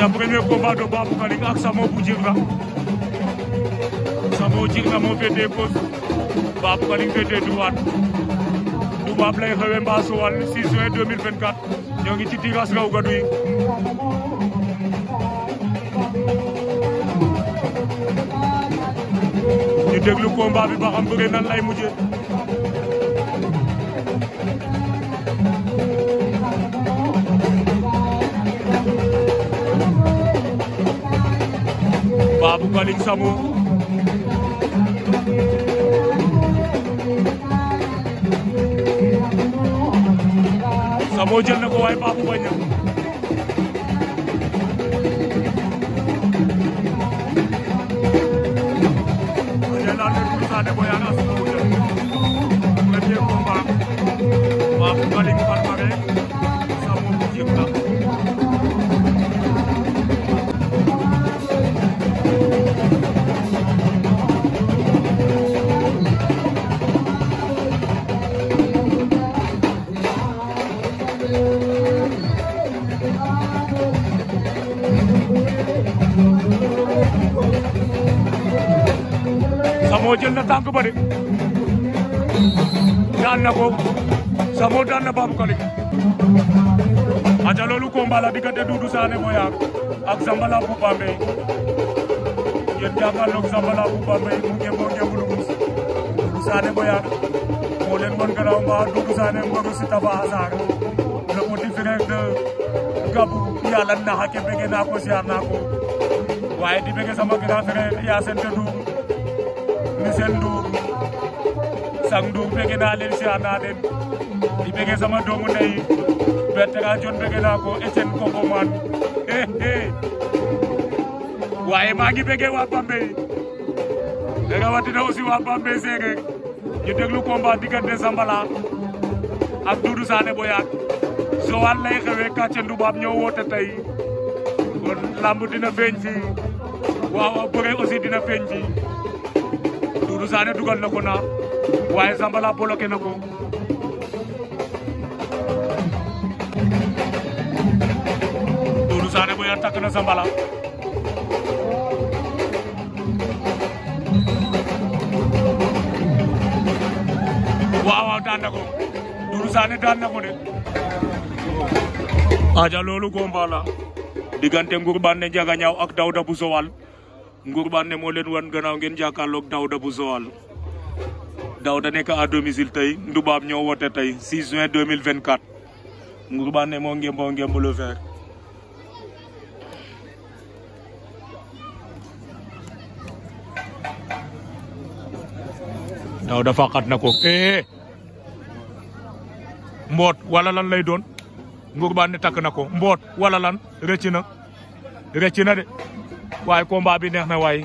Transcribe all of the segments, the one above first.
waajal premier combat de Babou Kaling ak Samo bu Djirnda Samo Djirnda moo féetee gauche Babou Kaling féetee droite tubaab lay xewee Mbassou Wane 6 juin 2024 ñoo ngi ci diras raw gadu yi ñu déglu bi ba xam bëre lay mujjee Babou Kaling Samou Samou jël na ko waaye Babou bañ na Babou Kaling na Babou Kaling aca loolu combat la dudu sane mo Boyang ak Zambala bu bambe ye yéen lu Zambala bu bambe mu ngemboo bu lu sane mo Sané mo len mon gara gannaaw dudu sane mo ko sita ba hasar le mo frère de gabu Gabou yàlla naxa ke bëgg na ko siyaar na ko waye di bëgg sama fere ya sen te Yacine ni sen Ndour Sang Ndour bëgg naa leen siyaar na den bëgg sama doomu ndey Bertera naa ko Etienne Kombo man eh, eh. waaye maa ngi bëgg waa Bambey rawatina aussi waa Bambey Séeréer ñu déglu combat diggante Zambala ak Doudou Sané Boyack Joal lay xewee kàcce ndubaab ñoo woote tey kon lamb dina feeñ fii waaw bëre aussi dina feeñ fii Doudou Sané dugal na ko na waaye Zambala bloqué na ko a takk na Zambala waaw waaw daan na ko Doudou aja loolu combat la diggante Ngourbane Ndiaganiao ak Daouda bu Joal Ngourbane moo leen wan gannaaw ngeen jàkkaarloog Daouda bu Joal Daouda nekk à domicile tey Ndoubab ñoo woote tey 6 juin 2024 Ngourbane moo ngemboo ngemb le daw dafa xat na ko eh mboot wala lan lay doon ngurbaan ne takk na ko mboot wala lan rëcc na rëcc na de waaye combat bi neex na waaye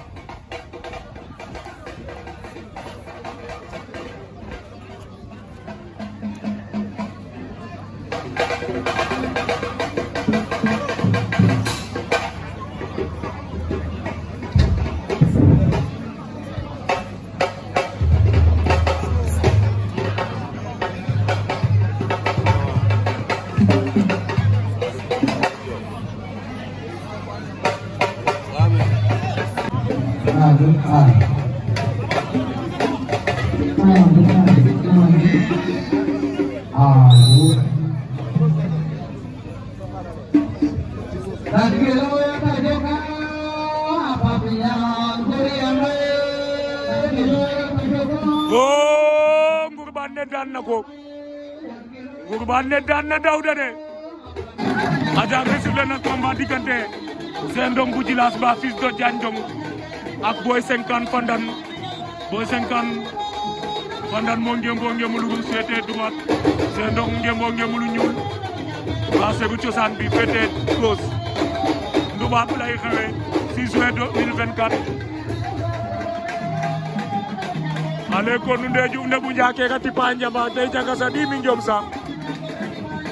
Margaret Carr. Gurbanne danna ko Gurbanne danna Dauda ne Aja Resulana combat diggante Zendong bu Jilas ba fils de Janjong ak Boy 50 Fandane Boy 50 Fandane moo ngemboo ngembulu bu féetee droite Cheikh Ndong ngemboo ngembulu ñuul marché bu cosaan bi féetee gauche Ndubaab lay xewee 6 juin 2024 ale ko nu ndee juuf ne bu njaakee ka njamba tey jagasa di mi sa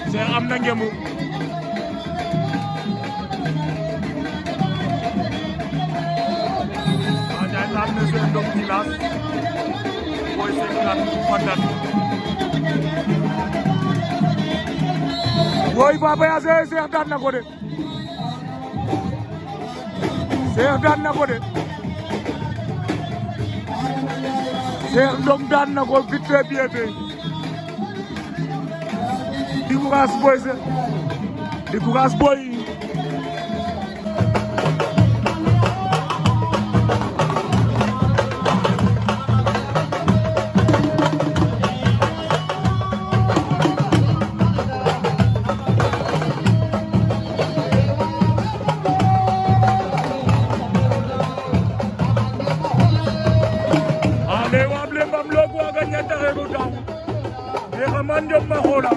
Cheikh am na ngemu village mooy seen village bu Fandane. booy Papa Yade Cheikh daan na ko de Cheikh daan na ko de Cheikh Ndom daan na ko vite fait bien fait di courage boy sa di courage boy Yéexa man Diop Makhura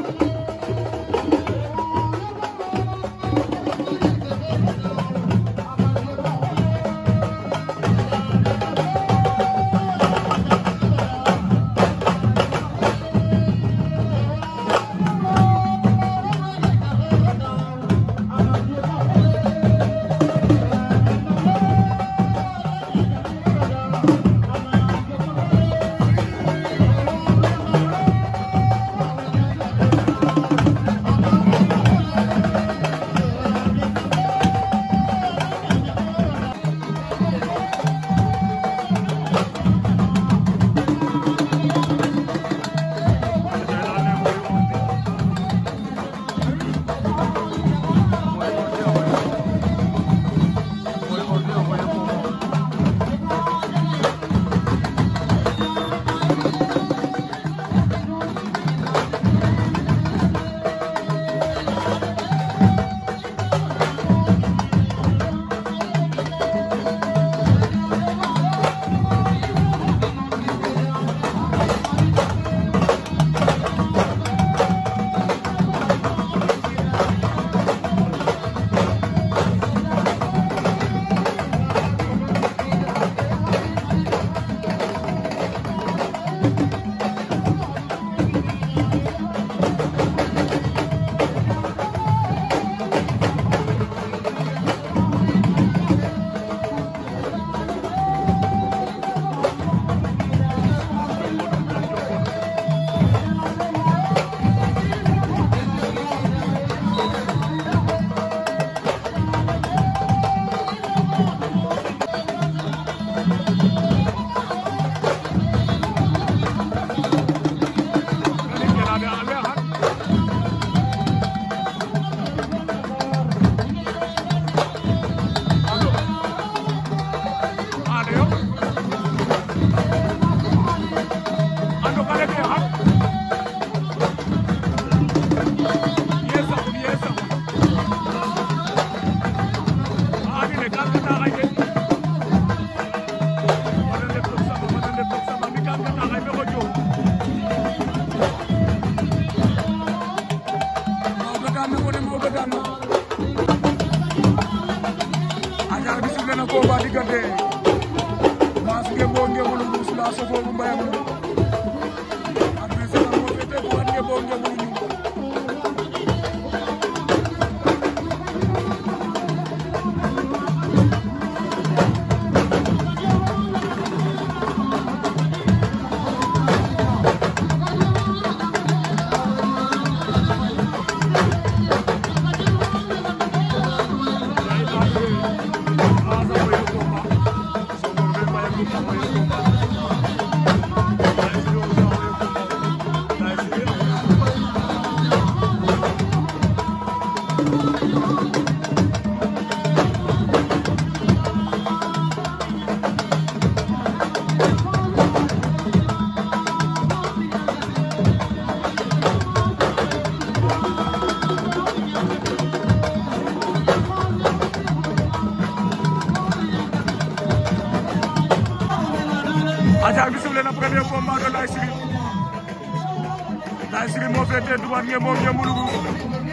ngemboo ngembulu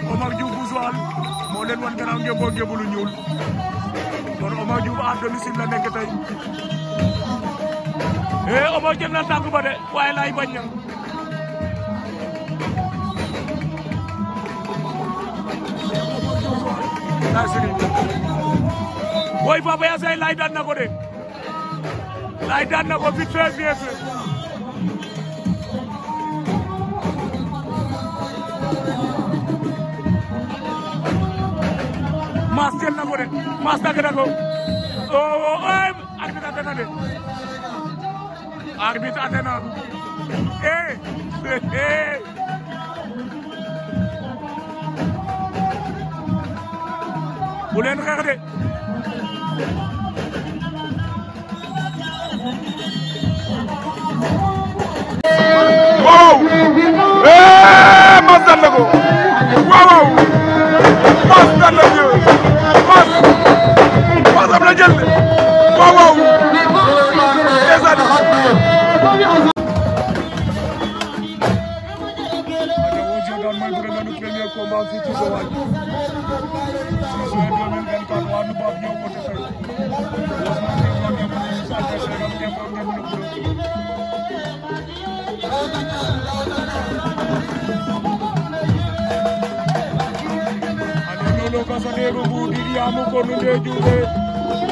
Omar Diouf bu Joal moo leen wan gannaaw ngemboo ñuul kon Omar Diouf à domicile la nekk tey eh na tànk ba de waaye laay bañ na laay siri booy Papa Yassin de laay daan na ko vite Mass jël na ko de Mass dagg na ko oo oh, oh, arbitre atte na de arbitre atte na eh, eh, eh bu leen xeex de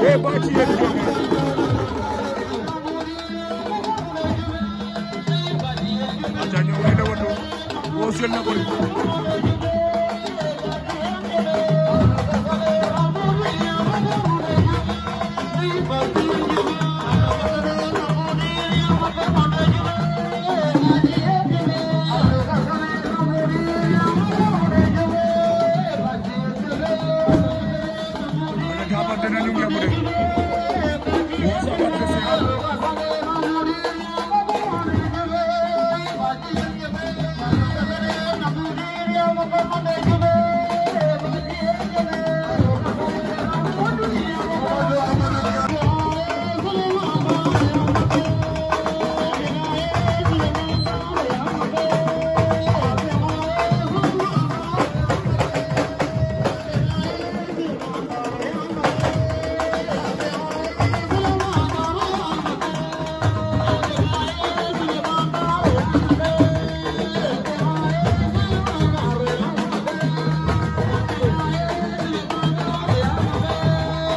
É bate ele,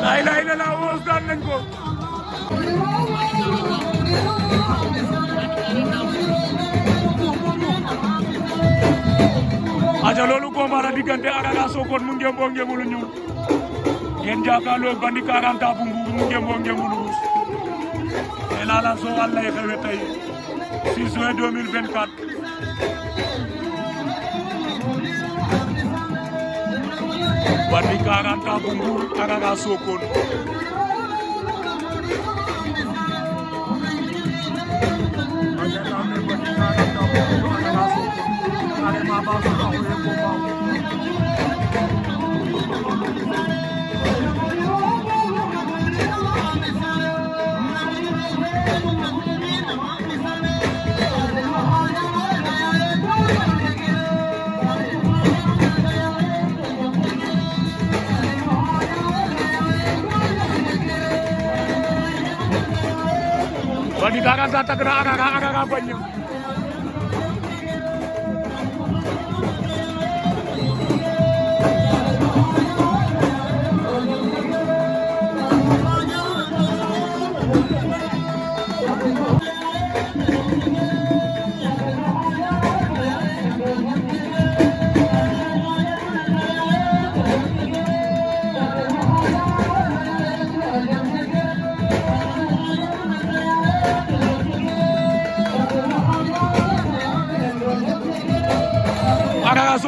laa ilaaha illallaah woos daan nañ ko aca loolu combat la diggante Arara Sokone mu ngemboo ngembulu ñuul ngeen jàkkaarloo bandi 40 ans bu mbuur mu ngemboo ngembulu ruus te laala soo wàllee xewe tey Bandit 40 ans bu Mbour ak Aga Adi Garanta tag na Aga Aga bañ na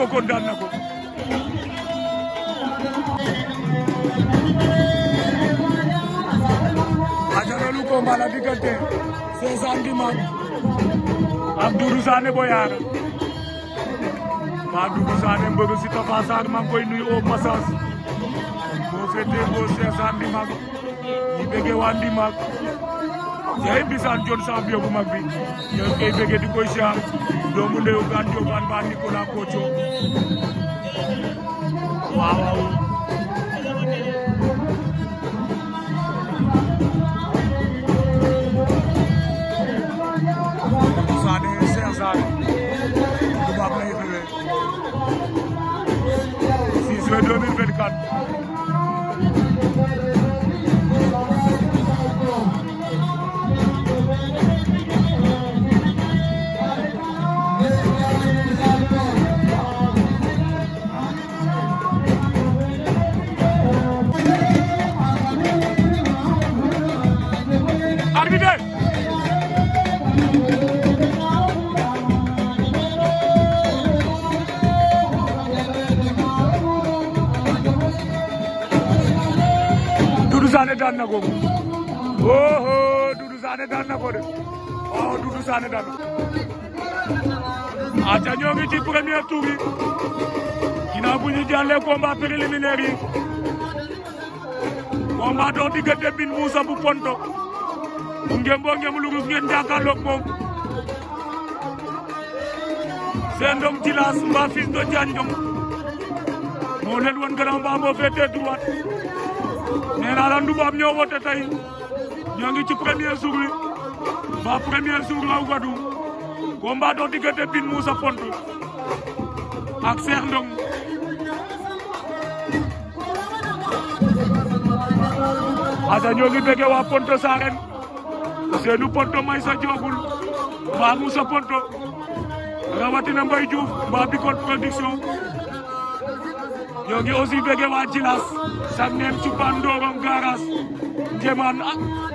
bëggoon daan ko. aca loolu combat la diggante Sésane Dimane ak Doudou Sané Boyar maa Doudou Sané si Tapha Sarr koy nuyu au passage boo féetee boo Sésane Dimane ñi bëggee waa Dimane yaay mbisaan jon champion bu mag bi ñoo koy bëggee di koy siyaar doomu ndeyu gaan jogaan ba Nicolas Koco waaw waaw Sané Cheikh Sané tubaab lay xewee 6 mai 2024 daan na ko oh Doudou Sané daan na ko de waaw Doudou Sané daan na ko aca ci premier tour yi ginnaaw bu ñu jàllee combat préliminaire yi combat dox diggante Mbine Moussa bu Ponto mu ngem boo ngem lu ruf ngeen jàkkaarloog seen doom ci laas mbaa fils de Diagne Ndong moo leen wan moo féetee droite nee naa la Ndoumba am ñoo woote tey ngi ci premier jour bi ba premier jour raw gadu combat dox diggante Bin Moussa Pont ak Cheikh Ndong asa ñoo ngi bëgg waa Ponto Sarène seenu Ponto may sa joogul mbaa Moussa Ponto rawatina Mbaye Diouf mbaa Bicol production ñoo ngi aussi bëgge waa Jilas sanneem ci Pandorom garas Njeman ak ah.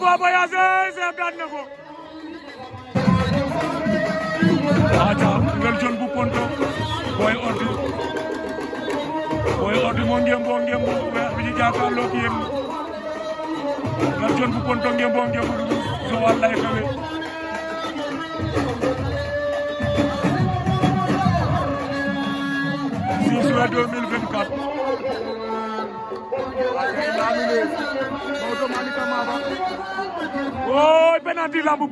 ko Boy Asel Cheikh na ko aca ngel bu ponto Boy Ordi Boy Ordi moo ngembo ngembo weex bi ci jàkkaarloo ki yéen ngel bu ponto ngembo ngembo so wallay kawe wooy penalty lamb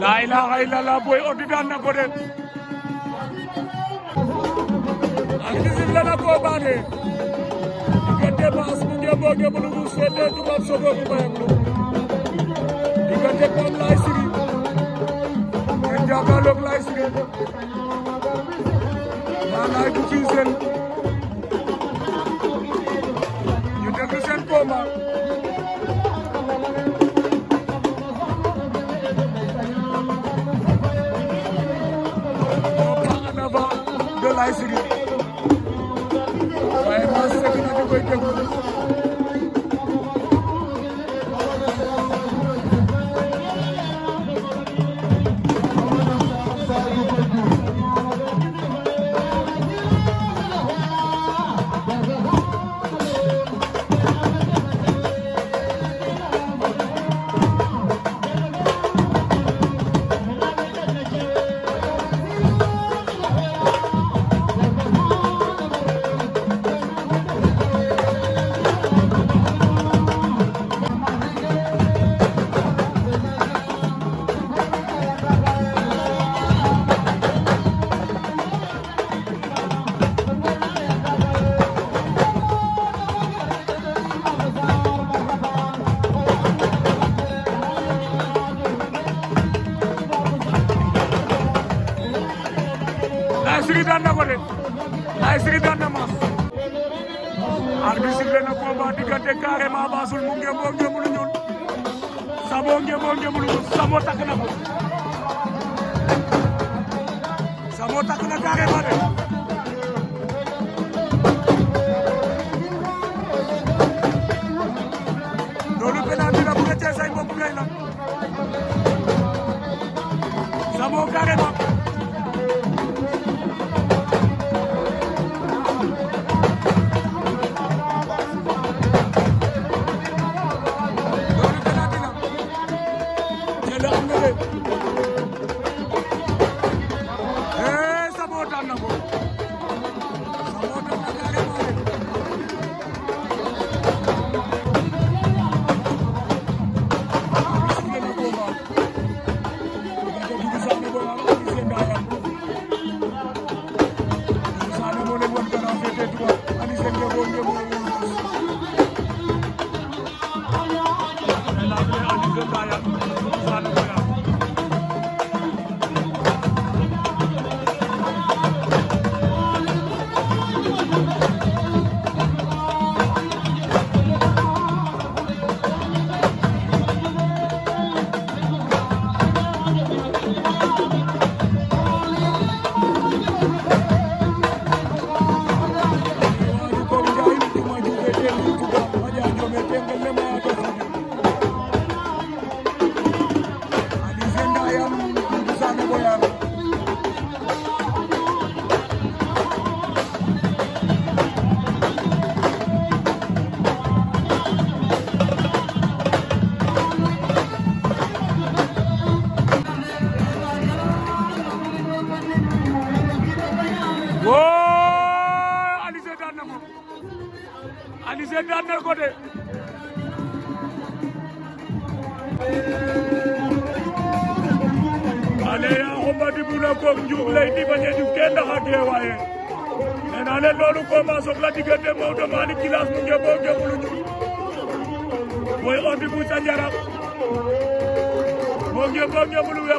la laa ilaaha illallah booy ordi daan na ko de arbitre la na ko baane diggante Bass bu ngemboo ngembulu bu seetee tubaab sogoo bu bayam lu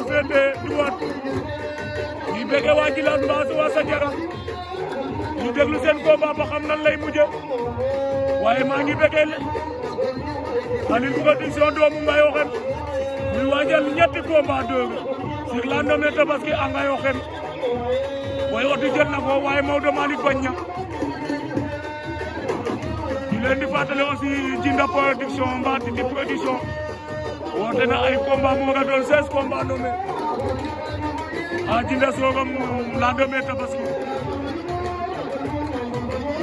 jara fende duwat ñuy béggé waa jilaan mbaas waa sa jara ñu déglu seen combat ba xam nan lay mujjé waaye maa ngi béggé Khalil production doomu Ngaye Okhene muy waajal ñetti combat dëgg sur la nommée na ko di fàttali aussi Djinda production mbaa Titi production woote na ay combat mu nga doon 16 combat nommé ah, a Djinda Soga la nommé Tabaski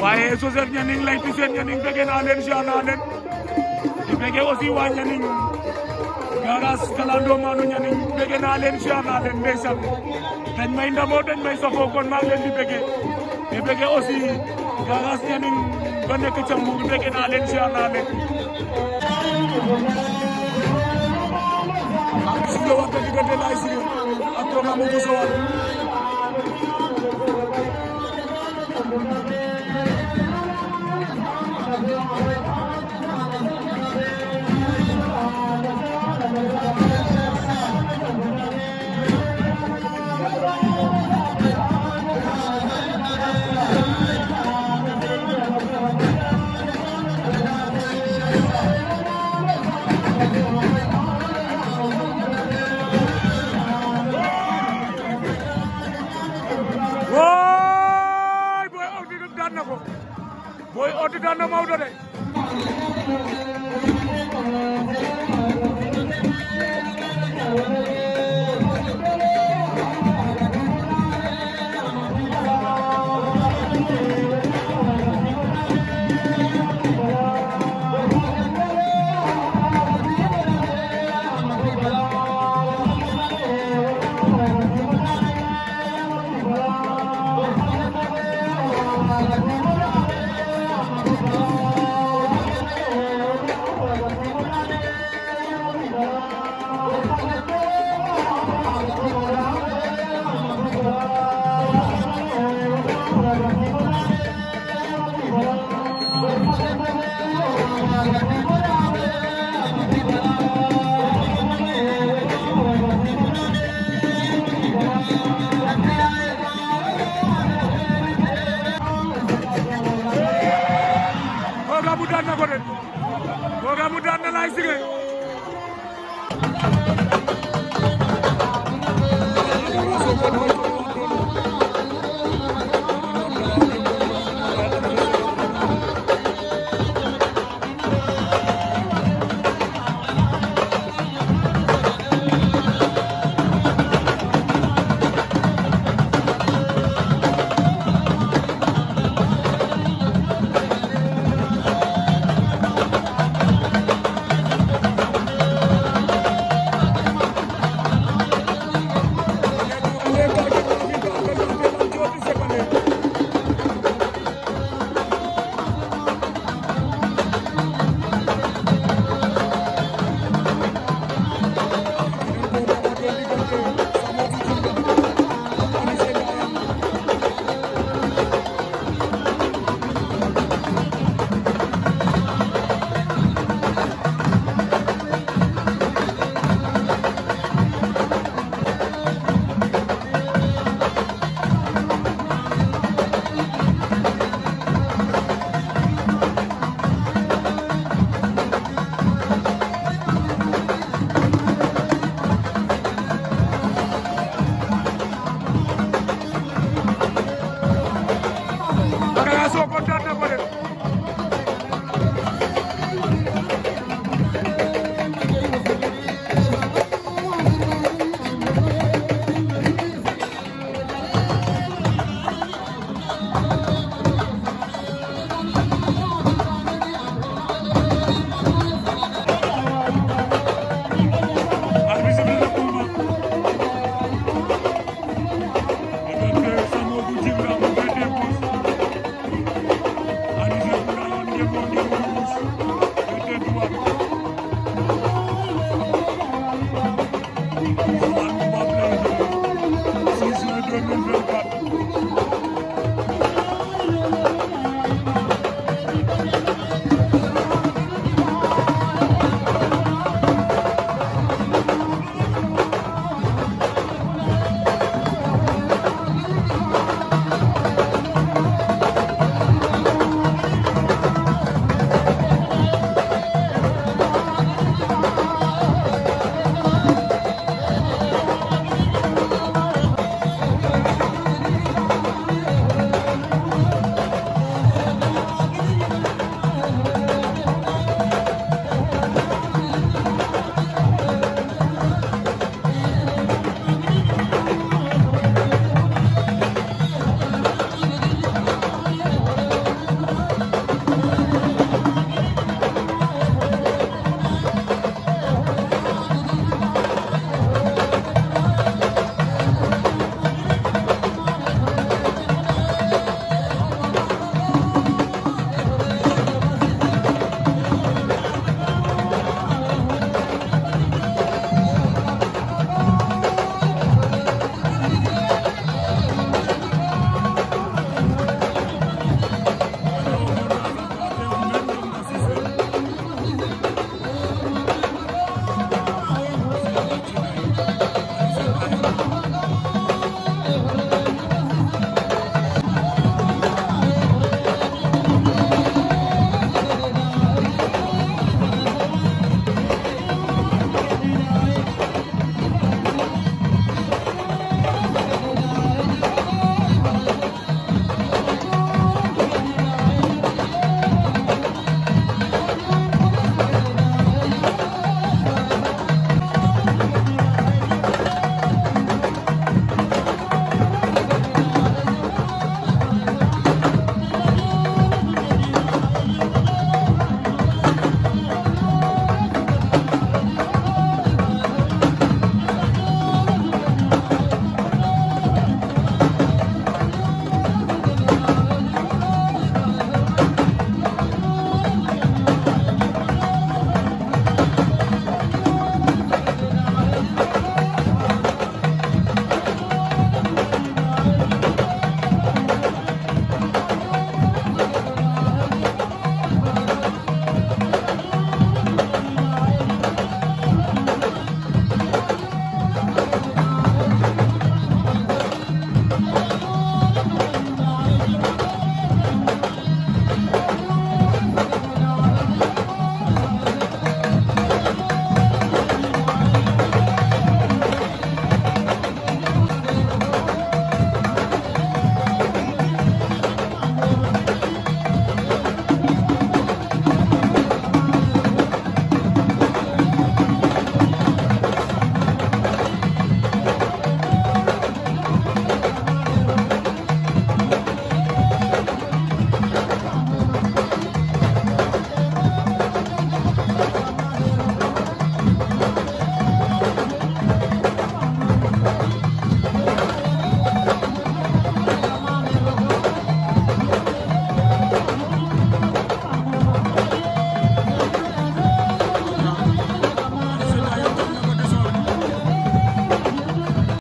waaye Joseph Nianing lay ti seen Nianing bëgg naa leen jaar naa leen di bëgg aussi waa Nianing garas kalandoo maanu Nianing bëgg naa leen jaar naa leen ndeysaan dañ may ndamoo dañ may safoo maa leen di bëgg di bëgg aussi garas Nianing ba nekk ca Mbour bëgg naa leen jaar 不多说了。na Maodo de 2024